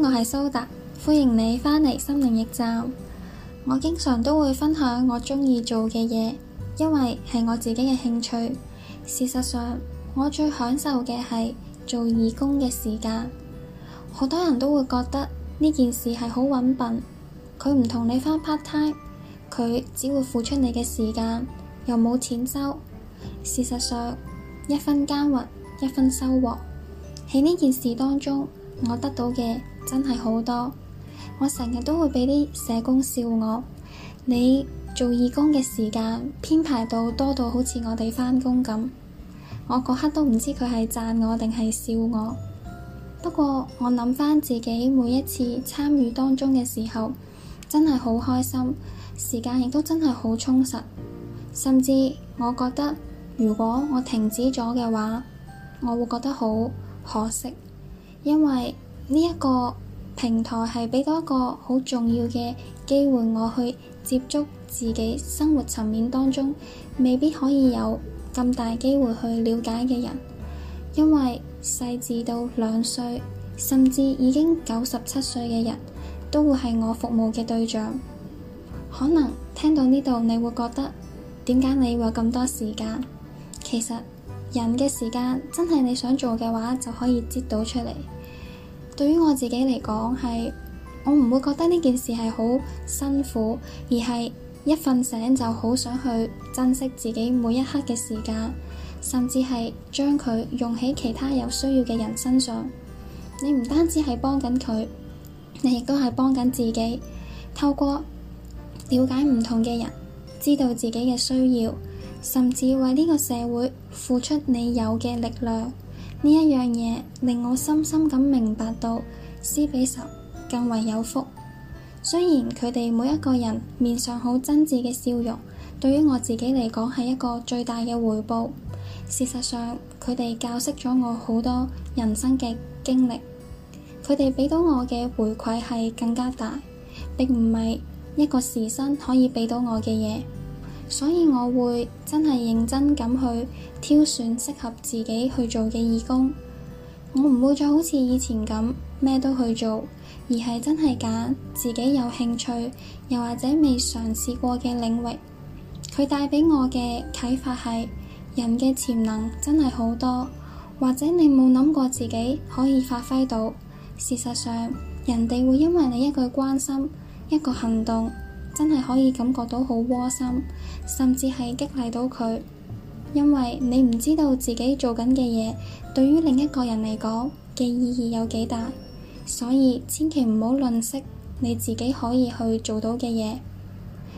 我係蘇達，歡迎你返嚟心靈驛站。我經常都會分享我鍾意做嘅嘢，因為係我自己嘅興趣。事實上，我最享受嘅係做義工嘅時間。好多人都會覺得呢件事係好揾笨，佢唔同你返 part time，佢只會付出你嘅時間又冇錢收。事實上，一分耕耘一分收穫。喺呢件事當中，我得到嘅。真係好多，我成日都會畀啲社工笑我。你做義工嘅時間編排到多到好似我哋返工咁，我嗰刻都唔知佢係讚我定係笑我。不過我諗翻自己每一次參與當中嘅時候，真係好開心，時間亦都真係好充實。甚至我覺得，如果我停止咗嘅話，我會覺得好可惜，因為。呢一個平台係畀到一個好重要嘅機會，我去接觸自己生活層面當中未必可以有咁大機會去了解嘅人，因為細至到兩歲，甚至已經九十七歲嘅人都會係我服務嘅對象。可能聽到呢度，你會覺得點解你會有咁多時間？其實人嘅時間真係你想做嘅話就可以擠到出嚟。對於我自己嚟講，係我唔會覺得呢件事係好辛苦，而係一瞓醒就好想去珍惜自己每一刻嘅時間，甚至係將佢用喺其他有需要嘅人身上。你唔單止係幫緊佢，你亦都係幫緊自己。透過了解唔同嘅人，知道自己嘅需要，甚至為呢個社會付出你有嘅力量。呢一樣嘢令我深深咁明白到，施比受更為有福。雖然佢哋每一個人面上好真摯嘅笑容，對於我自己嚟講係一個最大嘅回報。事實上，佢哋教識咗我好多人生嘅經歷，佢哋畀到我嘅回饋係更加大，並唔係一個時薪可以畀到我嘅嘢。所以我會真係認真咁去挑選適合自己去做嘅義工，我唔會再好似以前咁咩都去做，而係真係揀自己有興趣又或者未嘗試過嘅領域。佢帶畀我嘅啟發係，人嘅潛能真係好多，或者你冇諗過自己可以發揮到。事實上，人哋會因為你一句關心，一個行動。真係可以感覺到好窩心，甚至係激勵到佢。因為你唔知道自己做緊嘅嘢，對於另一個人嚟講嘅意義有幾大，所以千祈唔好吝嗇你自己可以去做到嘅嘢。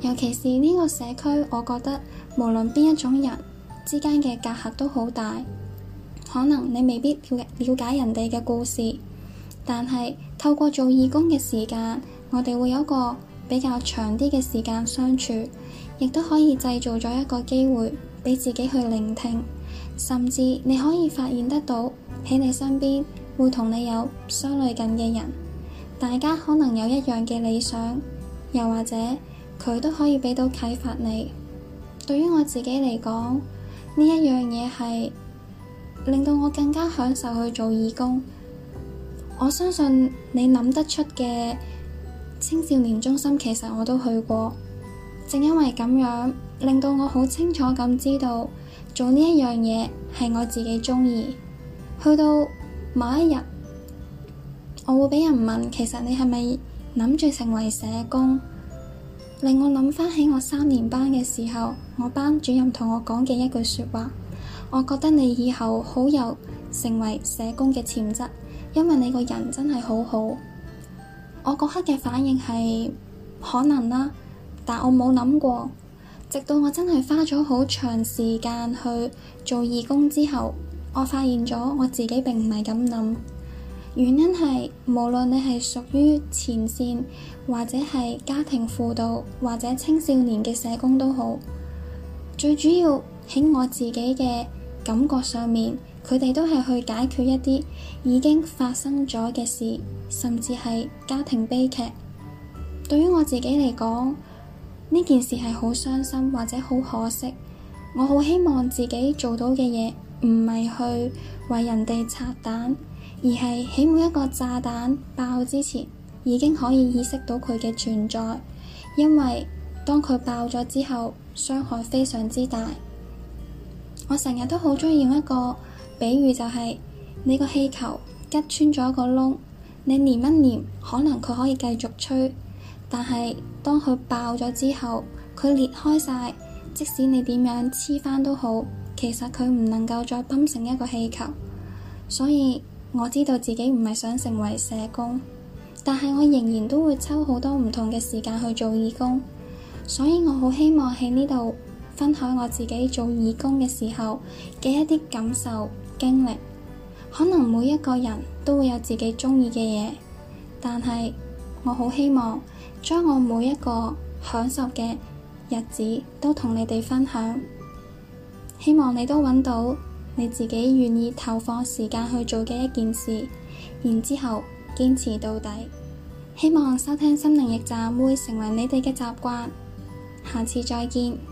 尤其是呢個社區，我覺得無論邊一種人之間嘅隔閡都好大，可能你未必了解人哋嘅故事，但係透過做義工嘅時間，我哋會有個。比較長啲嘅時間相處，亦都可以製造咗一個機會畀自己去聆聽，甚至你可以發現得到喺你身邊會同你有相類近嘅人，大家可能有一樣嘅理想，又或者佢都可以畀到啟發你。對於我自己嚟講，呢一樣嘢係令到我更加享受去做義工。我相信你諗得出嘅。青少年中心其實我都去過，正因為咁樣令到我好清楚咁知道做呢一樣嘢係我自己中意。去到某一日，我會俾人問，其實你係咪諗住成為社工？令我諗翻起我三年班嘅時候，我班主任同我講嘅一句說話，我覺得你以後好有成為社工嘅潛質，因為你個人真係好好。我嗰刻嘅反應係可能啦，但我冇諗過。直到我真係花咗好長時間去做義工之後，我發現咗我自己並唔係咁諗。原因係無論你係屬於前線，或者係家庭輔導，或者青少年嘅社工都好，最主要喺我自己嘅感覺上面。佢哋都係去解決一啲已經發生咗嘅事，甚至係家庭悲劇。對於我自己嚟講，呢件事係好傷心或者好可惜。我好希望自己做到嘅嘢唔係去為人哋拆彈，而係喺每一個炸彈爆之前已經可以意識到佢嘅存在，因為當佢爆咗之後，傷害非常之大。我成日都好鍾意用一個比喻就係、是、你個氣球拮穿咗個窿，你黏一黏可能佢可以繼續吹，但係當佢爆咗之後，佢裂開晒，即使你點樣黐翻都好，其實佢唔能夠再泵成一個氣球。所以我知道自己唔係想成為社工，但係我仍然都會抽好多唔同嘅時間去做義工。所以我好希望喺呢度分享我自己做義工嘅時候嘅一啲感受。經歷，可能每一個人都會有自己鍾意嘅嘢，但係我好希望將我每一個享受嘅日子都同你哋分享。希望你都揾到你自己願意投放時間去做嘅一件事，然之後堅持到底。希望收聽心靈驛站會成為你哋嘅習慣。下次再見。